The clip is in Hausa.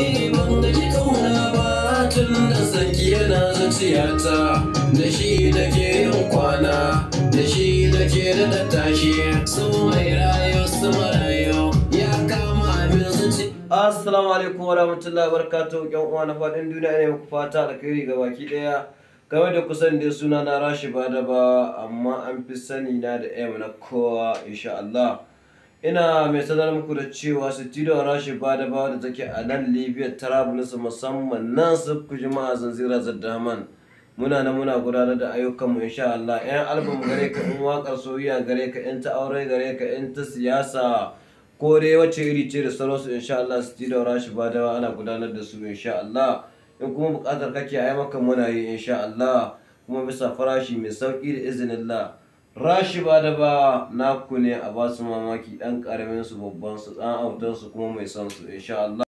Ni ban kauna ba tun da saki yana zuciyata da shi da ke yin kwana da shi da ke da tashi su mai rayu su ya kama abin zuci. Assalamu alaikum wa rahmatullahi wa barakatuhu yan uwa na faɗin duniya ne muku fata alkhairi ga baki ɗaya. game da kusan dai suna na rashi ba da ba amma an fi sani na da m na kowa insha Allah. ina mai sanar muku da cewa studio rashi ba da bawa da take a nan libya travelers musamman nan su ku jima'a zanzira zaddaman muna na muna gudanar da ayyukanmu insha Allah yan album gare ka in wakar soyayya gare ka in ta aure gare ka in ta siyasa ko dai wacce iri ce da sauransu insha Allah studio rashi ba da ana gudanar da su insha Allah in kuma bukatar kake a yi maka muna yi insha Allah kuma bisa farashi mai sauƙi da izinin Allah rashi ba da ba naku ne a basu mamaki ɗan ƙaramin su babban su ɗan su kuma mai son su insha Allah